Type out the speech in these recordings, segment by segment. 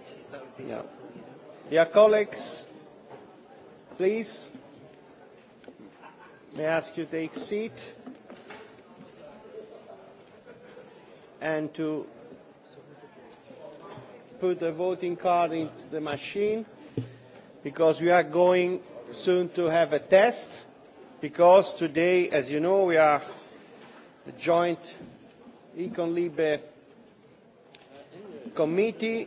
committees, that would be yeah. helpful. You know? Dear colleagues, please, may I ask you to take a seat and to put the voting card into the machine because we are going soon to have a test because today, as you know, we are the joint Econ Libre committee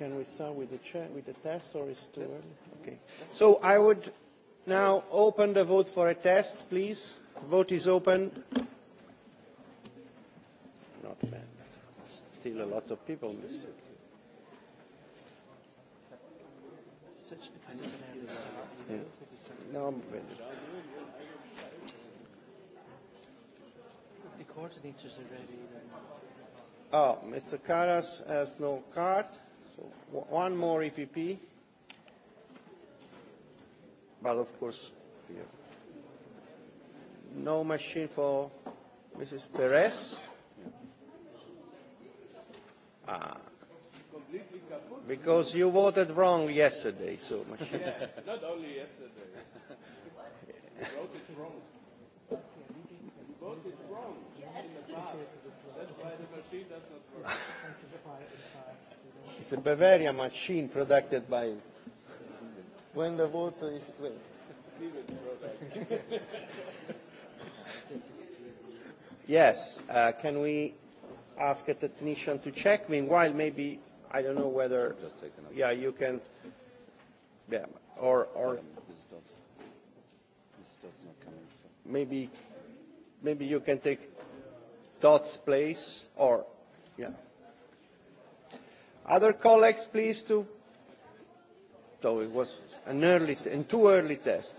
Can we start with the, chair, with the test, or is it too test. early? Okay. So I would now open the vote for a test, please. Vote is open. Not bad. Still a lot of people missing. Such a hilarious yeah. No, I'm ready. The coordinators are ready. Then. Oh, ah, Mr. Karas has no card. So one more EPP. But of course, yeah. no machine for Mrs. Perez. Ah. Because you voted wrong yesterday, so much. yeah, not only yesterday. you voted wrong. You voted wrong yes. in the past. That's why the machine does not work. It's a Bavaria machine produced by him. When the water is well. yes, uh, can we ask a technician to check? Meanwhile, maybe, I don't know whether... Just take another. Yeah, you can... Yeah, or... or um, this dot's, this dot's not coming. Maybe, maybe you can take Dot's place, or... Yeah. Other colleagues, please, to... So it was an early and too early test.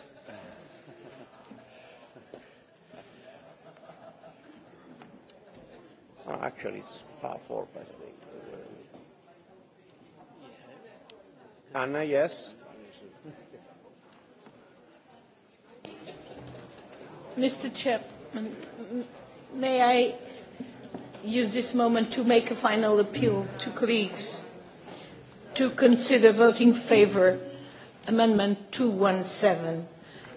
oh, actually, it's far four past eight. Anna, yes. Mr. Chairman, may I use this moment to make a final appeal to colleagues to consider voting in favour amendment 217.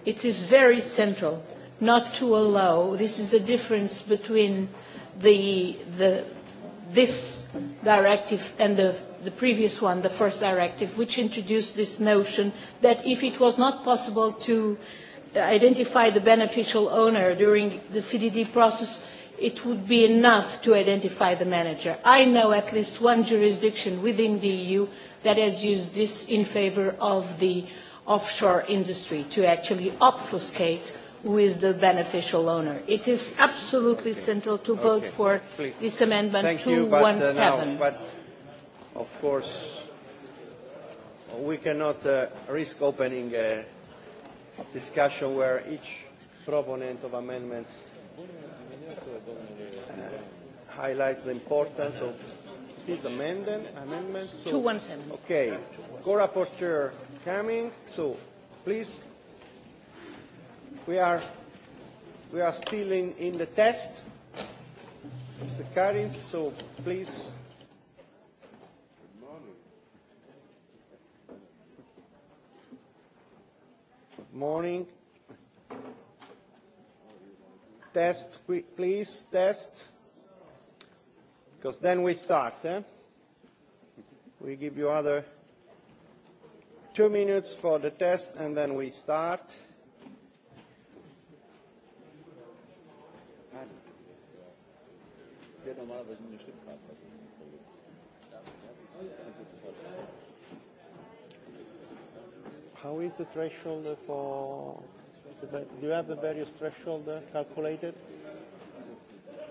It is very central not to allow, this is the difference between the, the, this directive and the, the previous one, the first directive, which introduced this notion that if it was not possible to identify the beneficial owner during the CDD process, it would be enough to identify the manager. I know at least one jurisdiction within the EU that has used this in favor of the offshore industry to actually obfuscate who is the beneficial owner. It is absolutely central to vote okay. for Please. this amendment Thank 217. You, but, uh, now, but of course, we cannot uh, risk opening a discussion where each proponent of amendments highlights the importance of this amendment. amendment. So, 217. Okay. Co-rapporteur coming. So please, we are, we are still in, in the test. Mr. Karins, so please. Morning. Test, please, test because then we start. Eh? We give you other two minutes for the test and then we start. Sie hat normalerweise nur eine Stimmkarte. How is the threshold for? Do you have the various threshold calculated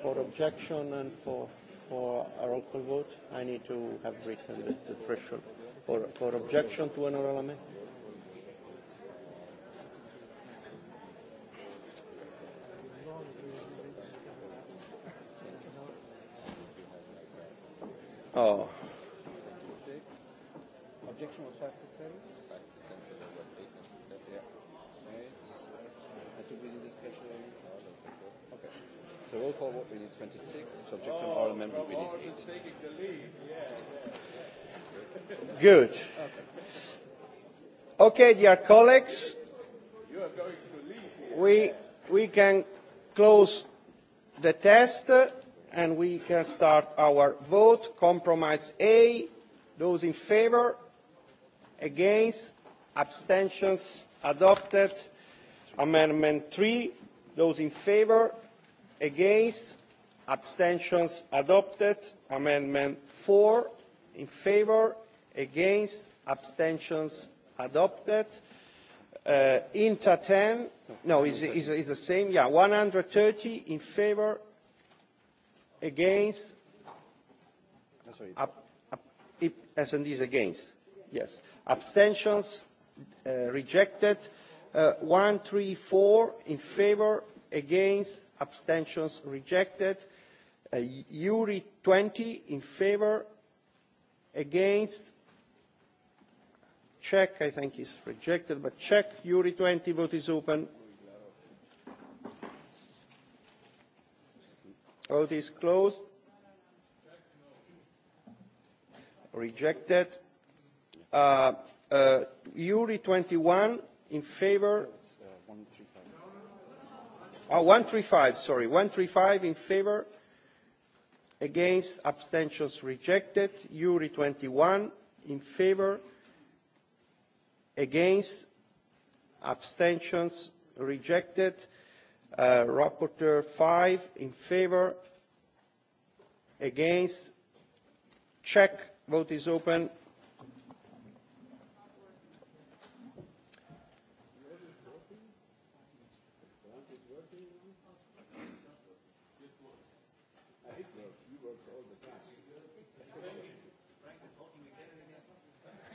for objection and for? for a roll call vote, I need to have written the, the threshold. For, for objection to an oral amendment? Oh. subject to an oral amendment we need. Good. Okay, dear colleagues, we, we can close the test and we can start our vote. Compromise A, those in favour, against, abstentions, adopted. Amendment 3, those in favour, against, abstentions adopted amendment four in favour against abstentions adopted uh, inter 10 no is is is the same yeah 130 in favour against up, up, it, S&D is against yes abstentions uh, rejected uh, 134 in favour against abstentions rejected URI 20 in favor, against, check, I think is rejected, but check, URI 20, vote is open. Vote is closed. Rejected. Uh, uh, URI 21 in favor. Uh, 135, sorry. 135 in favor, against abstentions rejected uri 21 in favor against abstentions rejected uh, rapporteur 5 in favor against check vote is open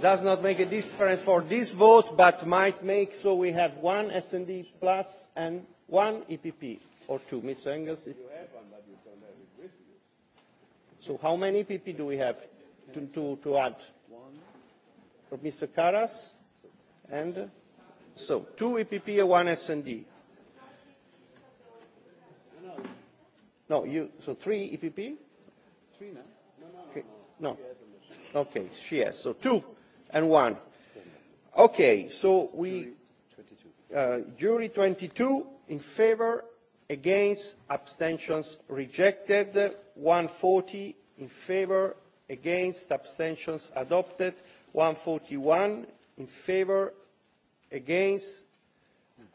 does not make a difference for this vote, but might make so we have one S&D plus and one EPP or two. Mr. Engels? You have one, but you don't have it with you. So how many EPP do we have to, to, to add? One. For Mr. Karas? And so, two EPP and one S&D. No, you, so three EPP? Three now. No, no, no. no. no. Okay, she has. So two and 1. Okay, so we... Uh, jury 22 in favor, against, abstentions rejected. 140 in favor, against, abstentions adopted. 141 in favor, against,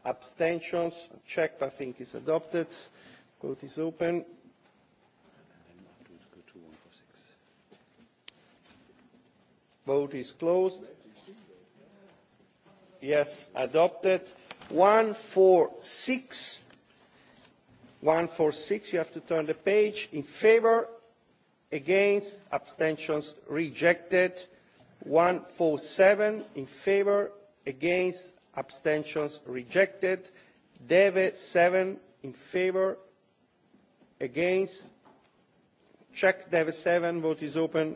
abstentions checked, I think is adopted. Vote is open. Vote is closed. Yes, adopted. 146. 146, you have to turn the page. In favor, against, abstentions rejected. 147, in favor, against, abstentions rejected. Deve 7, in favor, against. Check Deve 7, vote is open.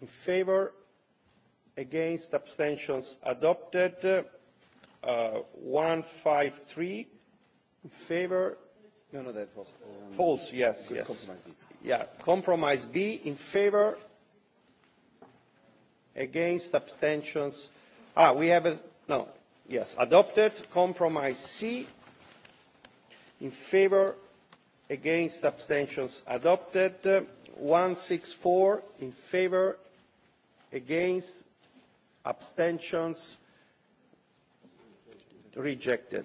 in favor against abstentions adopted uh, 153 in favor no no that was um, false yes yes compromise b. yeah compromise b in favor against abstentions ah we have a no yes adopted compromise c in favor against abstentions adopted 164 in favor against abstentions rejected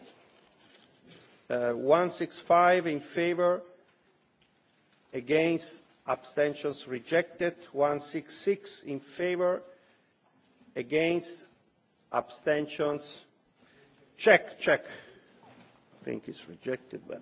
uh, 165 in favor against abstentions rejected 166 in favor against abstentions check check i think it's rejected but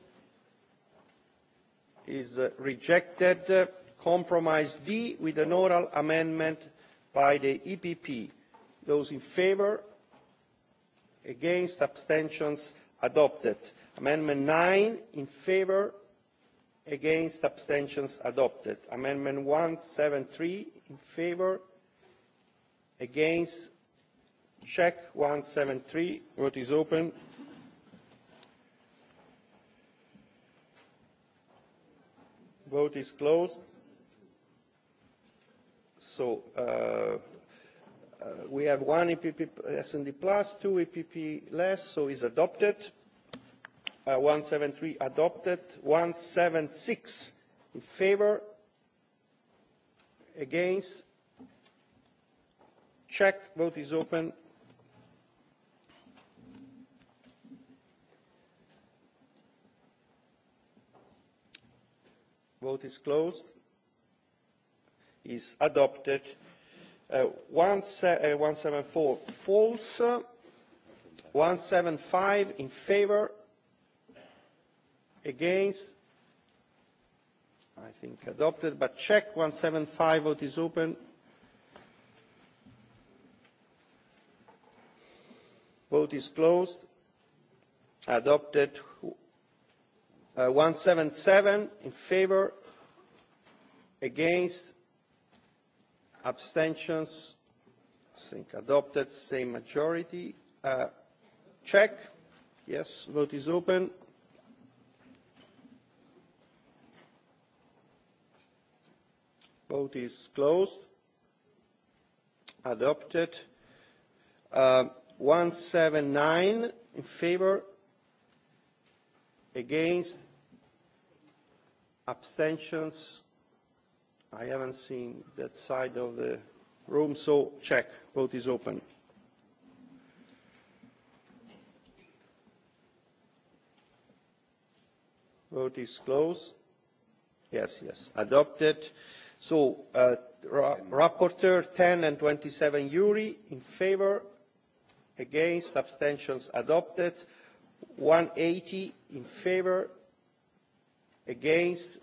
is uh, rejected. Uh, compromise D with an oral amendment by the EPP. Those in favour, against, abstentions adopted. Amendment 9 in favour, against, abstentions adopted. Amendment 173 in favour, against, check 173. Vote is open. Vote is closed. So uh, uh, we have one EPP S&D plus, two EPP less, so is adopted. Uh, 173 adopted. 176 in favor. Against. Check. Vote is open. Vote is closed. Is adopted. Uh, one se uh, 174 false. Uh, 175 in favor. Against. I think adopted, but check 175. Vote is open. Vote is closed. Adopted Uh, 177 in favor, against, abstentions, I think adopted, same majority. Uh, check. Yes, vote is open. Vote is closed. Adopted. Uh, 179 in favor, Against? Abstentions? I haven't seen that side of the room, so check. Vote is open. Vote is closed. Yes, yes, adopted. So, uh, ra rapporteur 10 and 27 Yuri in favor, against, abstentions adopted. 180 in favor against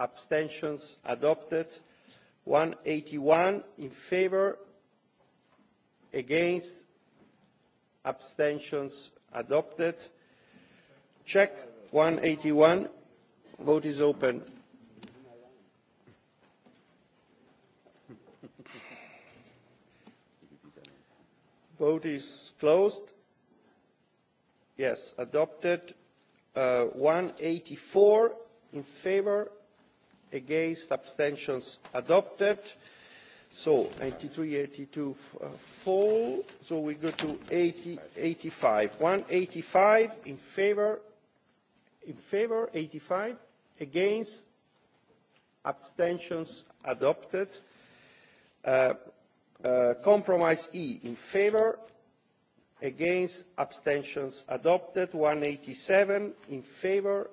abstentions adopted 181 in favor against abstentions adopted check 181 vote is open vote is closed yes adopted Uh, 184 in favor, against, abstentions adopted. So 93, 82 uh, fall. So we go to 80, 85. 185 in favor, in favor, 85 against, abstentions adopted. Uh, uh, compromise E in favor, against abstentions adopted one hundred and eighty seven in favour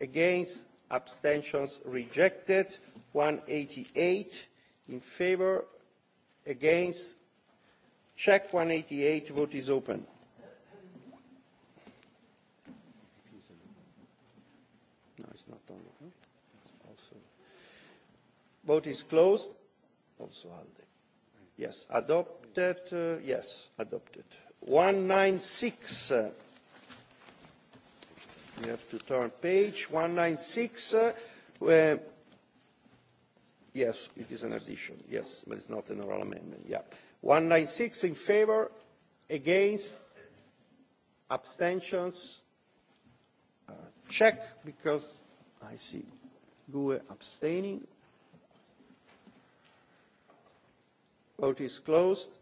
against abstentions rejected one hundred and eighty eight in favour against check one hundred and eighty eight vote is open no it's not only no? also vote is closed also alde yes adopted uh, yes adopted 196. Uh, you have to turn page 196. Uh, where, yes, it is an addition. Yes, but it's not an oral amendment. Yeah. 196 in favor, against, abstentions. Uh, check because I see GUE abstaining. Vote is closed.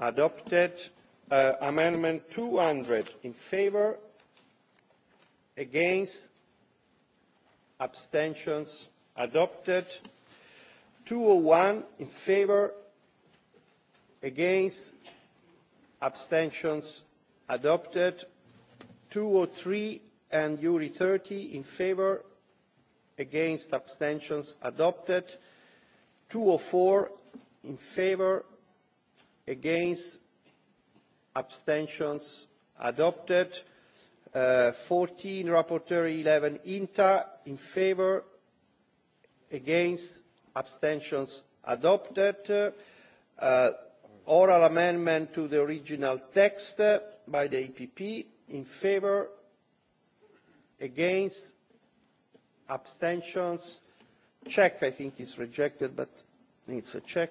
Adopted. Uh, amendment 200 in favor, against, abstentions adopted. 201 in favor, against, abstentions adopted. 203 and URI 30 in favor, against, abstentions adopted. 204 in favor, against, abstentions adopted uh, 14 rapporteur 11 inta in favor against abstentions adopted uh, oral amendment to the original text by the epp in favor against abstentions check i think is rejected but needs a check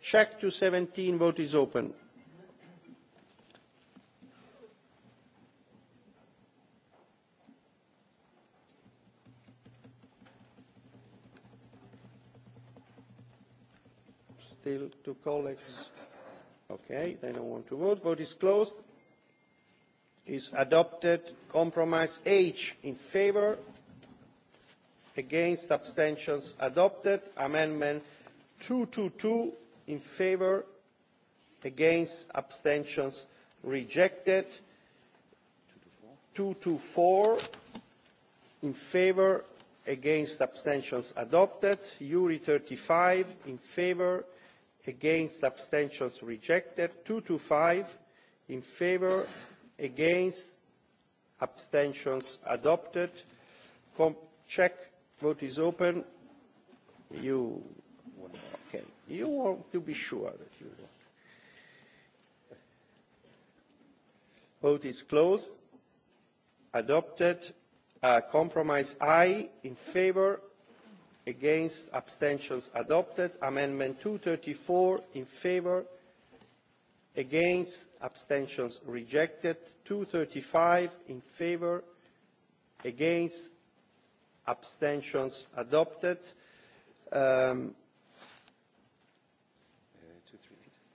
Check 217. Vote is open. Still two colleagues. Okay, they don't want to vote. Vote is closed. Is adopted. Compromise H in favor. Against abstentions adopted. Amendment 222 in favour against abstentions rejected two to four in favour against abstentions adopted uri thirty five in favour against abstentions rejected two to five in favour against abstentions adopted Com check vote is open you You want to be sure that you want. Vote is closed. Adopted. Uh, compromise I in favour. Against. Abstentions adopted. Amendment 234 in favour. Against. Abstentions rejected. 235 in favour. Against. Abstentions adopted. Um,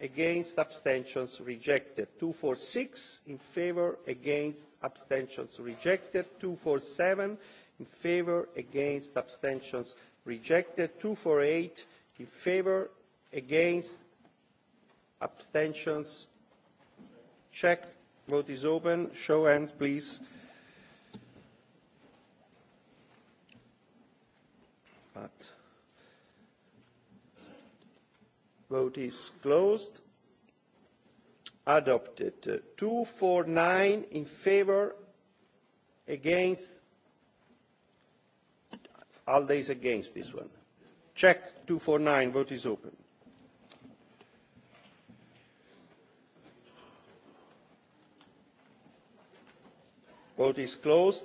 against abstentions rejected two four six in favour against abstentions rejected two four seven in favour against abstentions rejected two four eight in favour against abstentions check vote is open show hands please but Vote is closed. Adopted. 249 uh, in favor, against. ALDE is against this one. Check 249. Vote is open. Vote is closed.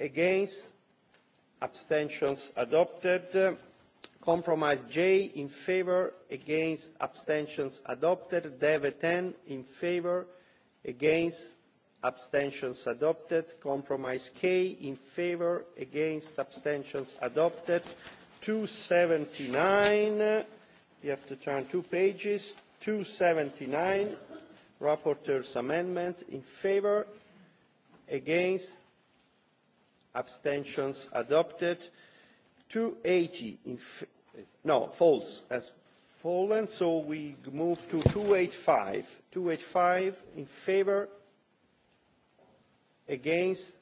against abstentions adopted compromise j in favour against abstentions adopted dev 10 in favour against abstentions adopted compromise k in favour against abstentions adopted 279 you have to turn two pages 279 rapporteur's amendment in favour against abstentions adopted 280 in no false as fallen so we move to 285 285 in favor against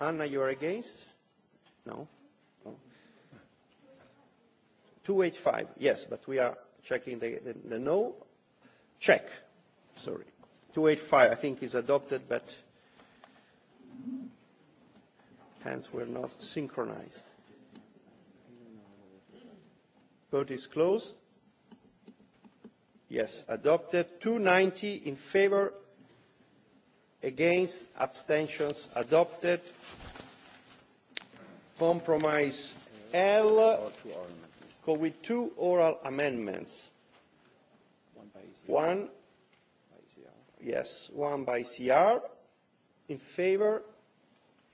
Anna you are against no, no. 285 yes but we are checking the, the, the no check sorry 285 I think is adopted but hands were not synchronized. Vote is closed. Yes, adopted. 290 in favor, against, abstentions, adopted. Compromise L with two oral amendments. One by ECR. One, by ECR. yes, one by CR in favor,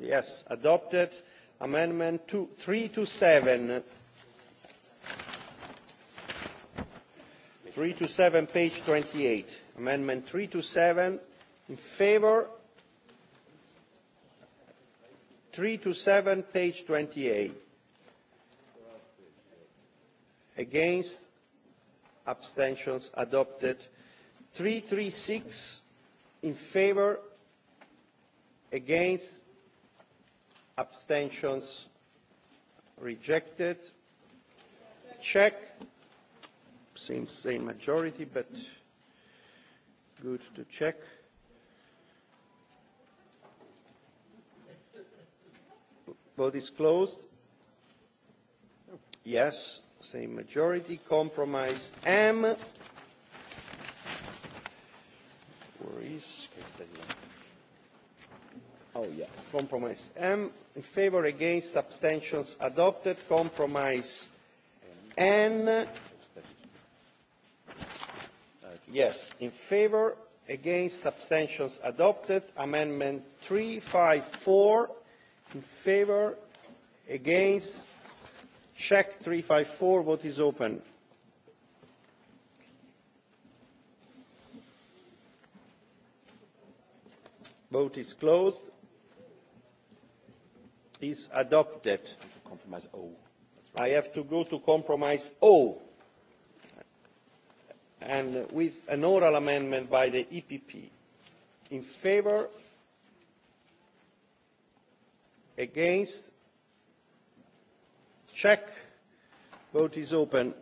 yes adopted amendment two three to seven three to seven page twenty eight amendment three to seven in favour three to seven page twenty eight against abstentions adopted three three six in favour against abstentions rejected check same same majority but good to check vote is closed yes same majority compromise m where is Castello? Oh, yeah. Compromise M. In favor, against, abstentions adopted. Compromise N. Yes. In favor, against, abstentions adopted. Amendment 354. In favor, against, check 354. Vote is open. Vote is closed is adopted. Compromise O. Right. I have to go to compromise O. And with an oral amendment by the EPP. In favor? Against? Check. Vote is open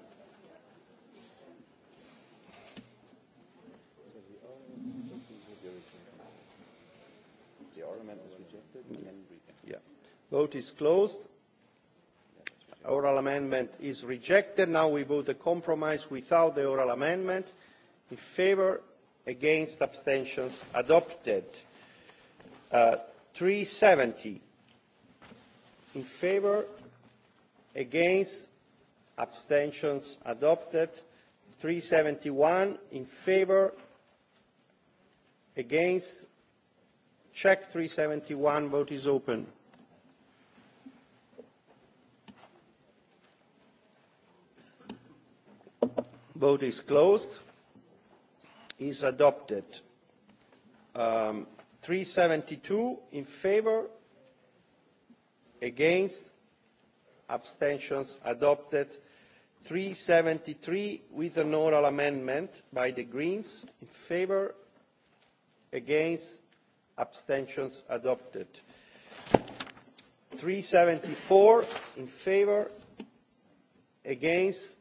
vote is closed oral amendment is rejected now we vote the compromise without the oral amendment in favour against abstentions adopted uh, 370 in favour against abstentions adopted 371 in favour against check 371 vote is open Vote is closed. Is adopted. Um, 372 in favor, against, abstentions adopted. 373 with an oral amendment by the Greens in favor, against, abstentions adopted. 374 in favor, against,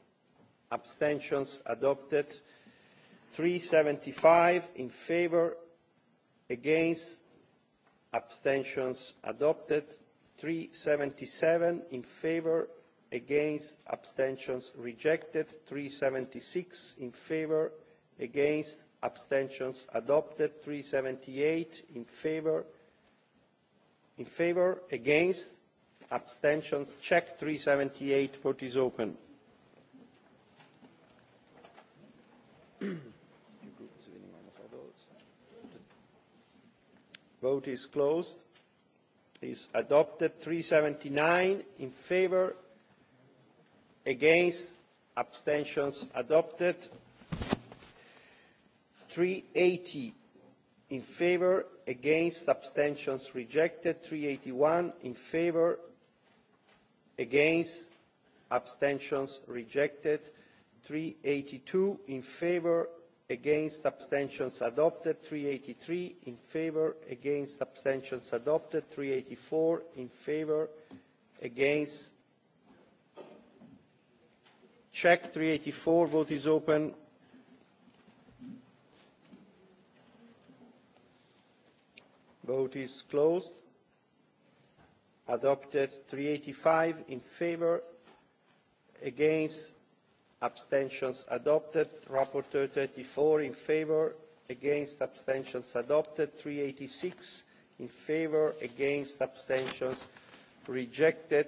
abstentions adopted 375 in favor against abstentions adopted 377 in favor against abstentions rejected 376 in favor against abstentions adopted 378 in favor in favor against abstentions check 378 vote is open Your group is winning all of our votes. Vote is closed. Is adopted 379 in favor, against, abstentions adopted. 380 in favor against abstentions rejected 381 in favor against abstentions rejected 382 in favour against abstentions adopted 383 in favour against abstentions adopted 384 in favour against check 384 vote is open vote is closed adopted 385 in favour against abstentions adopted rapporteur 34 in favor against abstentions adopted 386 in favor against abstentions rejected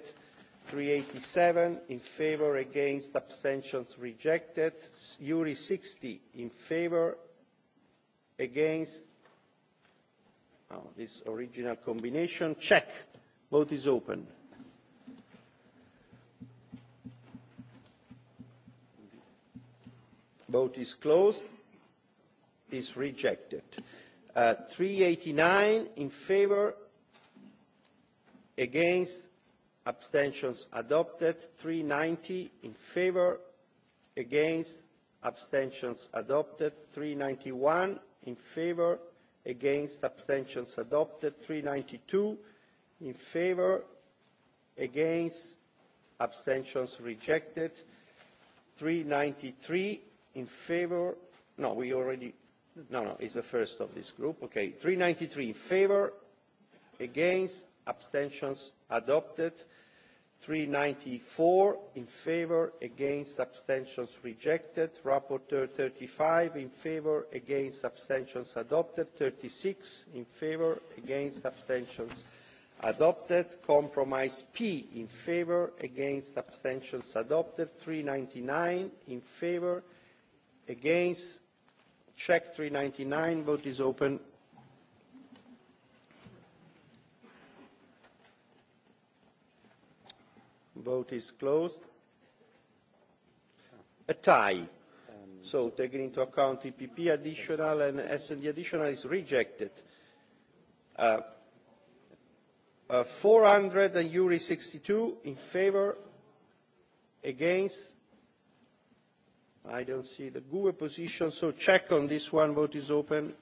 387 in favor against abstentions rejected uri 60 in favor against oh, this original combination check vote is open vote is closed is rejected uh, 389 in favor against abstentions adopted 390 in favor against abstentions adopted 391 in favor against abstentions adopted 392 in favor against abstentions rejected 393 in favor no we already no no it's the first of this group okay 393 in favor against abstentions adopted 394 in favor against abstentions rejected rapporteur 35 in favor against abstentions adopted 36 in favor against abstentions adopted compromise p in favor against abstentions adopted 399 in favor against check 399 vote is open vote is closed a tie so taking into account EPP additional and S&D additional is rejected uh, uh, 400 and URI 62 in favor against I don't see the GUE position, so check on this one. Vote is open.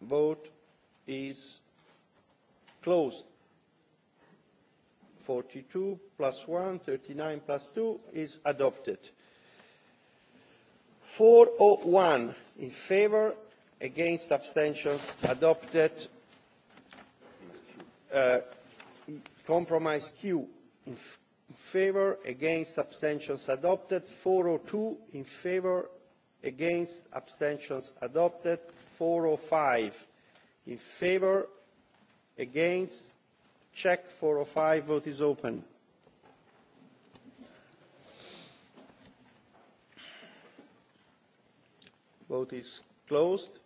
Vote is closed. 42 plus 1, 39 plus 2 is adopted. 401 in favor, against abstentions adopted Uh, compromise Q in favour, against abstentions adopted. 402 in favour, against abstentions adopted. 405 in favour, against check 405 vote is open. Vote is closed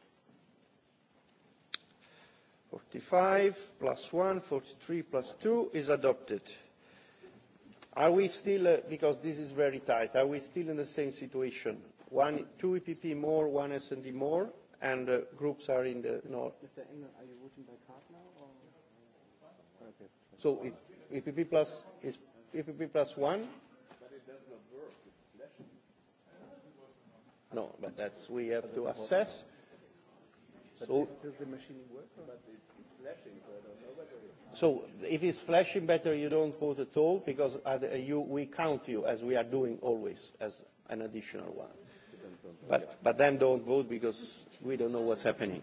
45 plus 1, 43 plus 2 is adopted. Are we still, uh, because this is very tight, are we still in the same situation? One, two EPP more, one S&D more, and uh, groups are in the north. Mr. Engel, are you voting by card now? Or? Okay. So it, e EPP plus is EPP plus one. But it does not work. It's flashing. No, but that's we have to assess So, does the machine work? But it's flashing, so I don't know whether it. So if it's flashing better, you don't vote at all because at, uh, you, we count you as we are doing always as an additional one. But, but then don't vote because we don't know what's happening.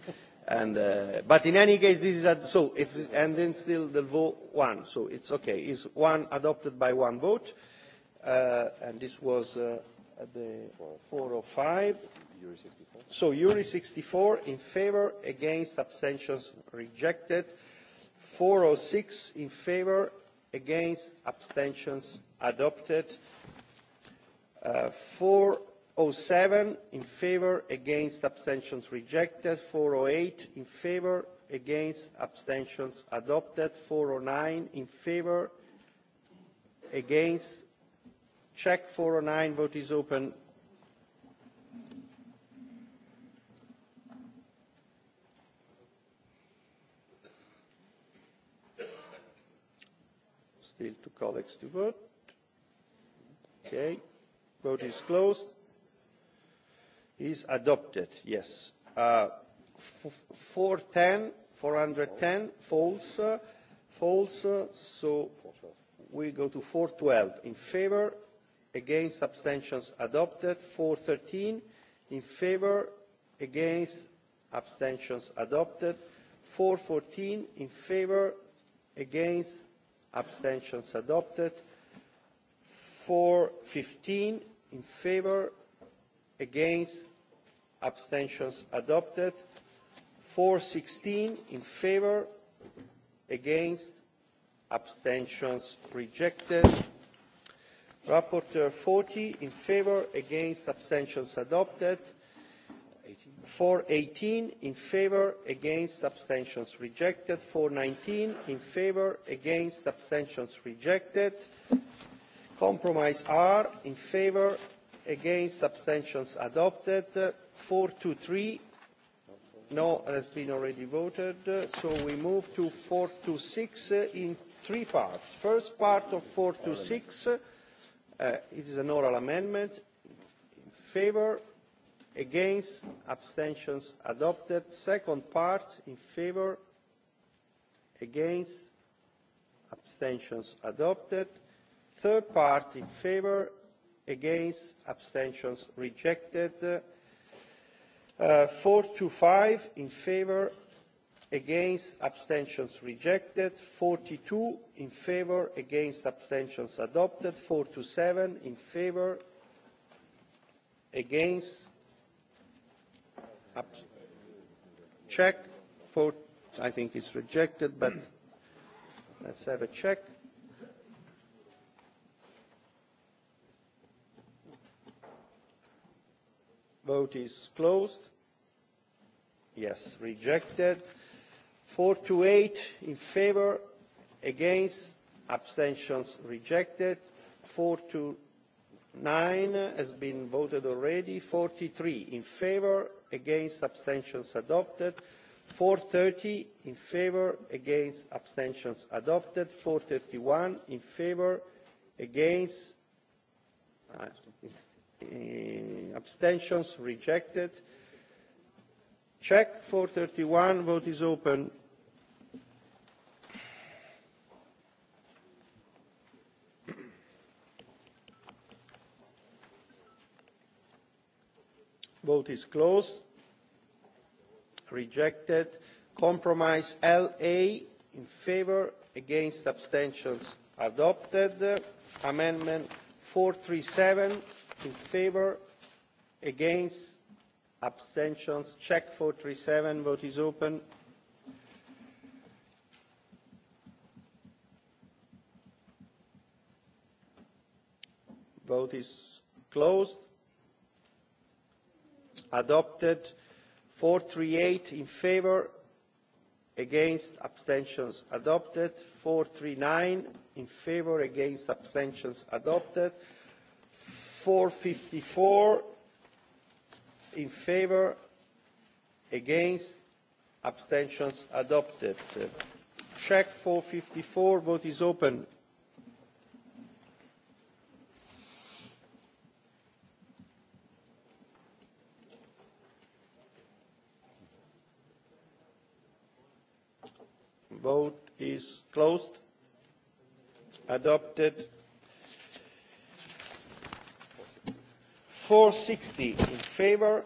And, uh, but in any case, this is a, so. If, and then still the vote one, so it's okay. Is one adopted by one vote? Uh, and this was uh, the 405. Euro 64. So Euro 64 in favor, against, abstentions rejected. 406 in favor, against, abstentions adopted. Uh, 407 in favor, against, abstentions rejected. 408 in favor, against, abstentions adopted. 409 in favor, against, check 409, vote is open. still two colleagues to vote. Okay. Vote is closed. Is adopted. Yes. Uh, 410, 410, false, uh, false. Uh, so we go to 412. In favor, against, abstentions adopted. 413, in favor, against, abstentions adopted. 414, in favor, against, abstentions adopted 415 in favor against abstentions adopted 416 in favor against abstentions rejected rapporteur 40 in favor against abstentions adopted 418 in favor against abstentions rejected 419 in favor against abstentions rejected compromise r in favor against abstentions adopted 423 no has been already voted so we move to 426 in three parts first part of 426 uh, it is an oral amendment in favor against abstentions adopted second part in favor against abstentions adopted third part in favor against abstentions rejected uh, four to five in favor against abstentions rejected forty two in favor against abstentions adopted four to seven in favor against Up. Check. For, I think it's rejected, but let's have a check. Vote is closed. Yes, rejected. 4 to 8 in favor, against, abstentions rejected. 4 to 9 has been voted already. 43 in favor, against abstentions adopted four thirty in favour against abstentions adopted four thirty one in favour against uh, uh, abstentions rejected check four thirty one vote is open vote is closed rejected compromise la in favour against abstentions adopted amendment four hundred and thirty seven in favour against abstentions check four hundred and thirty seven vote is open vote is closed adopted four three eight in favour against abstentions adopted four three nine in favour against abstentions adopted four fifty four in favour against abstentions adopted check four fifty four vote is open vote is closed adopted four sixty in favour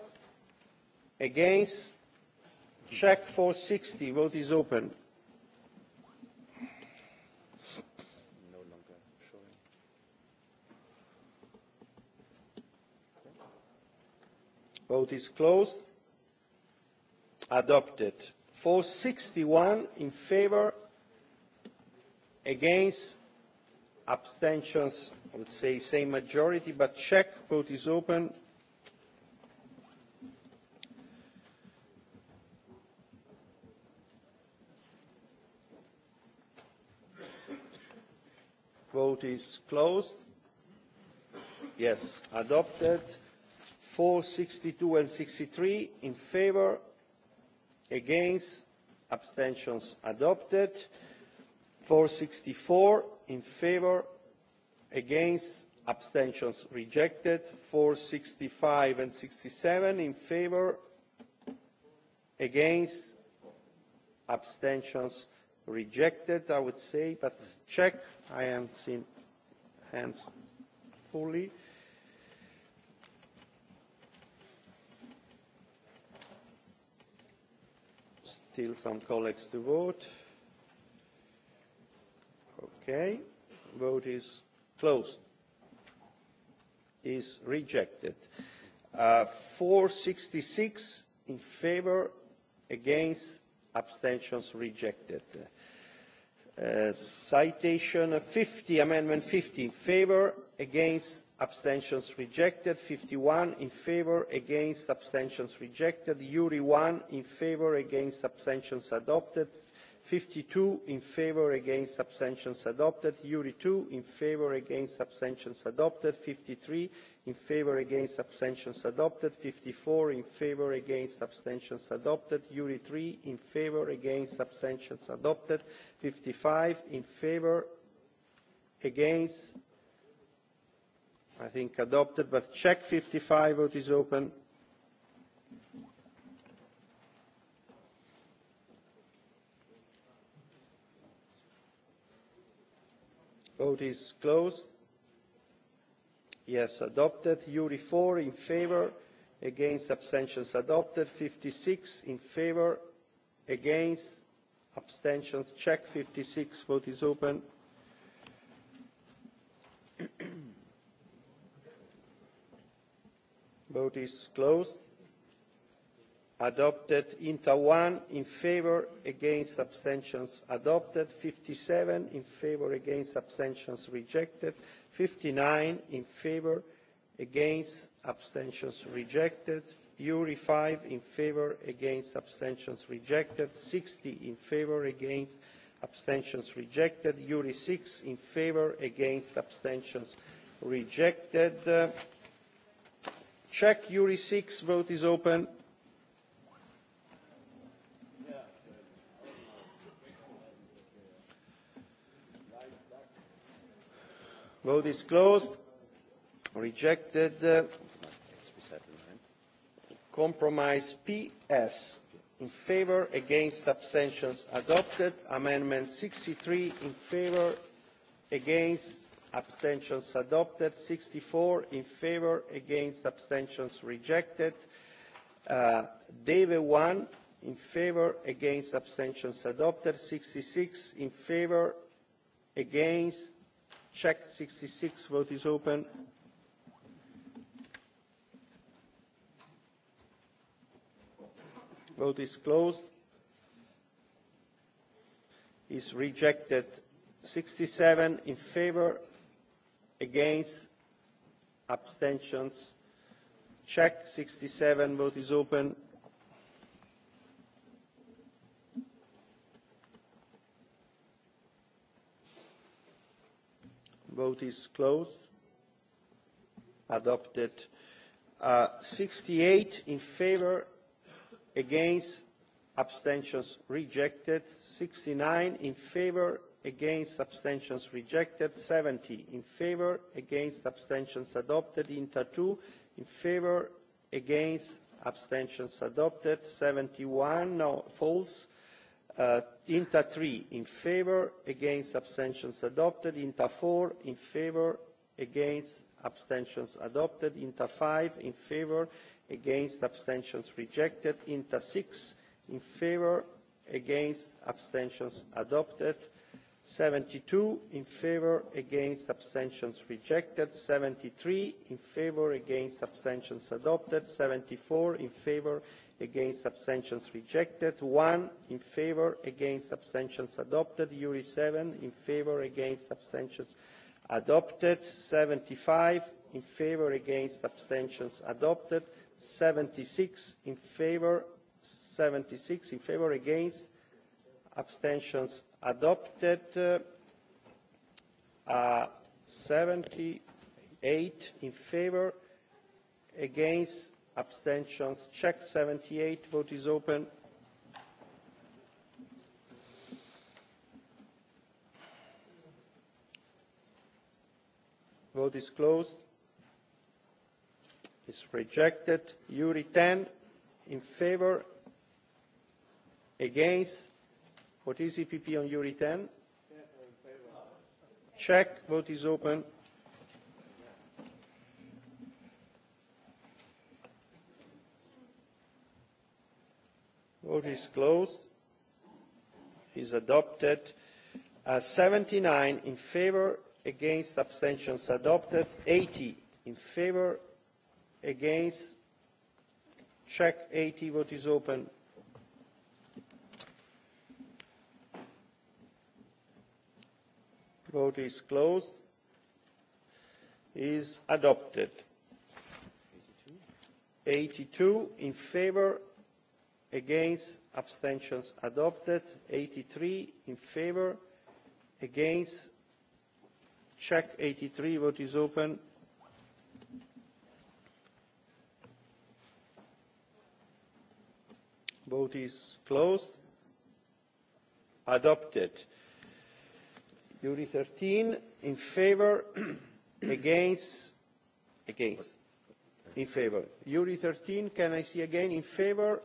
against check four sixty vote is open vote is closed adopted 461 in favor, against, abstentions, I would say same majority, but check, vote is open. Vote is closed. Yes, adopted. 462 and 63 in favor, against abstentions adopted four sixty four in favour against abstentions rejected four sixty five and sixty seven in favour against abstentions rejected i would say but check i haven't seen hands fully still some colleagues to vote. Okay. Vote is closed. Is rejected. Uh, 466 in favor, against, abstentions rejected. Uh, citation 50, amendment 50 in favor, against, abstentions rejected fifty one in favour against abstentions rejected uri one in favour against abstentions adopted fifty two in favour against abstentions adopted uri two in favour against abstentions adopted fifty three in favour against abstentions adopted fifty four in favour against abstentions adopted uri three in favour against abstentions adopted fifty five in favour against I think adopted, but check 55, vote is open. Vote is closed. Yes, adopted. URI 4 in favour, against abstentions adopted. 56 in favour, against abstentions. Check 56, vote is open. Vote is closed. Adopted. Inta 1 in favor, against abstentions adopted. 57 in favor, against abstentions rejected. 59 in favor, against abstentions rejected. URI 5 in favor, against abstentions rejected. 60 in favor, against abstentions rejected. URI 6 in favor, against abstentions rejected. Uh, check yuri six vote is open vote is closed rejected compromise ps in favour against abstentions adopted amendment sixty three in favour against abstentions adopted sixty four in favour against abstentions rejected uh, deve one in favour against abstentions adopted sixty six in favour against check sixty six vote is open vote is closed is rejected sixty seven in favour against abstentions check 67 vote is open vote is closed adopted uh, 68 in favor against abstentions rejected 69 in favor against abstentions rejected 70 in favor against abstentions adopted inter 2 in favor against abstentions adopted 71 no false uh, inter 3 in favor against abstentions adopted inter 4 in favor against abstentions adopted inter 5 in favor against abstentions rejected inter 6 in favor against abstentions adopted uh, 72 in favour against abstentions rejected 73 in favour against abstentions adopted 74 in favour against abstentions rejected 1 in favour against abstentions adopted URI 7 in favour against abstentions adopted 75 in favour against abstentions adopted 76 in favour 76 in favour against abstentions adopted uh, 78 in favor against abstentions check 78 vote is open vote is closed is rejected uri 10 in favor against What is EPP on URI 10? Check. Vote is open. Vote is closed. Is adopted. Uh, 79 in favor, against abstentions adopted. 80 in favor, against. Check 80. Vote is open. Vote is closed. Is adopted. 82 in favor, against, abstentions adopted. 83 in favor, against, check 83, vote is open. Vote is closed. Adopted. Jury 13 in favor, against, against, in favor. Jury 13, can I see again in favor,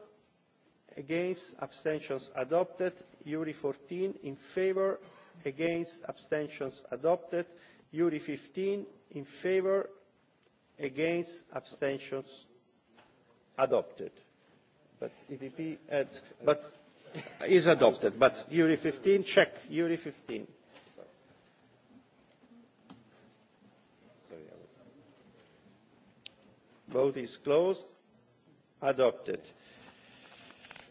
against, abstentions adopted. Jury 14 in favor, against, abstentions adopted. Jury 15 in favor, against, abstentions adopted. But EPP adds, but is adopted. But Jury 15, check. Jury 15. vote is closed adopted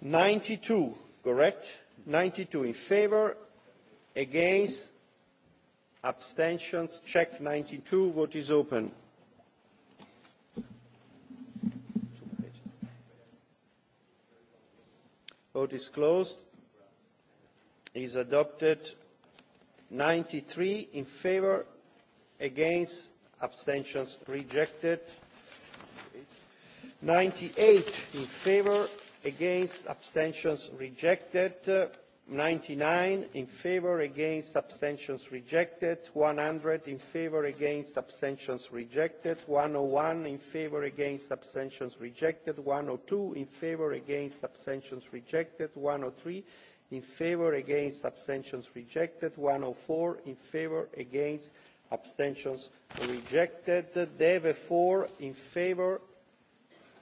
ninety two correct ninety two in favour against abstentions check ninety two vote is open vote is closed is adopted ninety three in favour against abstentions rejected 98 in favour against abstentions rejected 99 in favour against abstentions rejected 100 in favour against abstentions rejected 101 in favour against abstentions rejected 102 in favour against abstentions rejected 103 in favour against abstentions rejected 104 in favour against abstentions rejected deve 4 in favour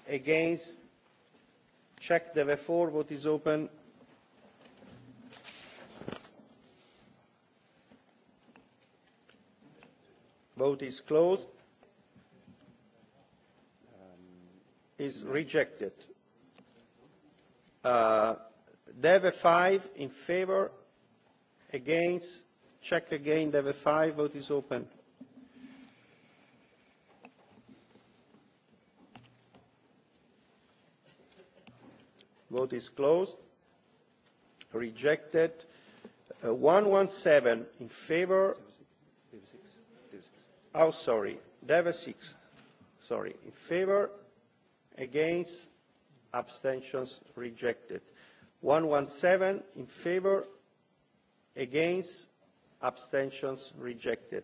against check the four vote is open vote is closed um, is rejected uh, dev five in favor against check again dev five vote is open vote is closed rejected uh, 117 in favor oh sorry deva 6 sorry in favor against abstentions rejected 117 in favor against abstentions rejected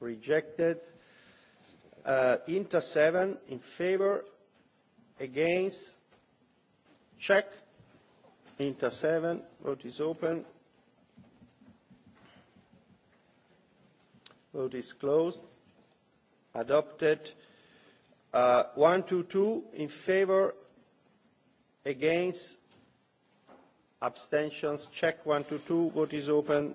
rejected. Uh, Inter 7 in favor, against, check. Inter 7, vote is open. Vote is closed. Adopted. Uh, 122 in favor, against, abstentions, check. 122, vote is open.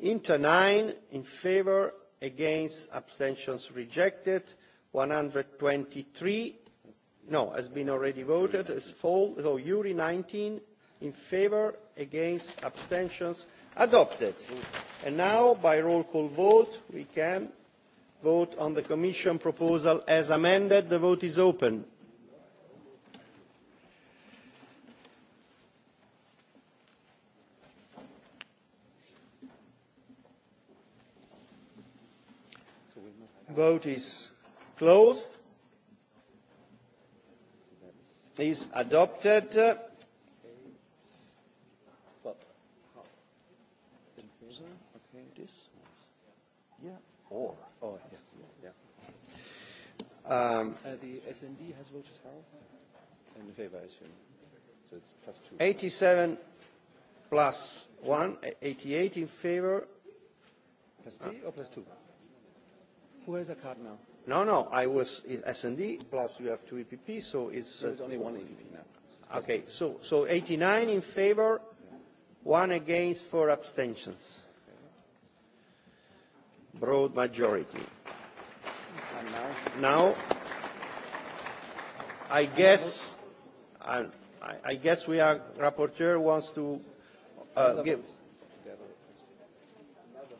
Inter 9 in favor, against, abstentions rejected. 123, no, has been already voted, is full. So URI 19 in favor, against, abstentions adopted. And now, by roll call vote, we can vote on the Commission proposal as amended. The vote is open. Vote is closed. Is adopted. Or. Or, yeah. yeah. Um, uh, the SND has voted how? In favor, I assume. So it's plus two. 87 plus one, 88 in favor. Plus three uh, or plus two? Who has a card now? No, no, I was S&D, plus you have two EPP, so it's... So there's uh, only one EPP now. Uh, okay, so, so 89 in favor, one against, four abstentions. Broad majority. And now? Now, I guess, I, I guess we are, rapporteur wants to uh, give...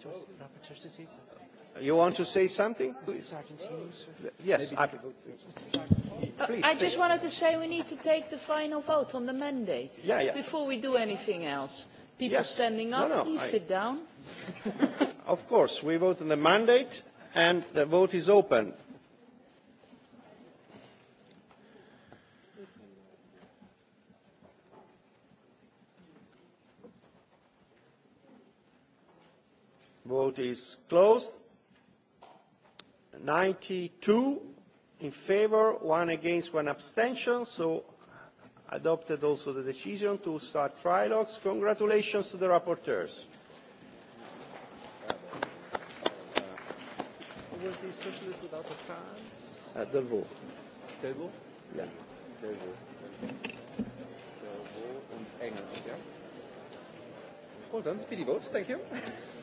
Rapporteur disease. You want to say something? Please. Yes. I, uh, please, I just wanted to say we need to take the final vote on the mandate yeah, yeah. before we do anything else. People yes. standing up, no, no, please I... sit down. of course, we vote on the mandate and the vote is open. Vote is closed. 92 in favor, one against, one abstention. So adopted also the decision to start trilogues. Congratulations to the rapporteurs. Was the socialist without a chance? Uh, Delvaux. Delvaux? Yeah. Delvaux. Delvaux and Engels, yeah? Well done, speedy vote, thank you.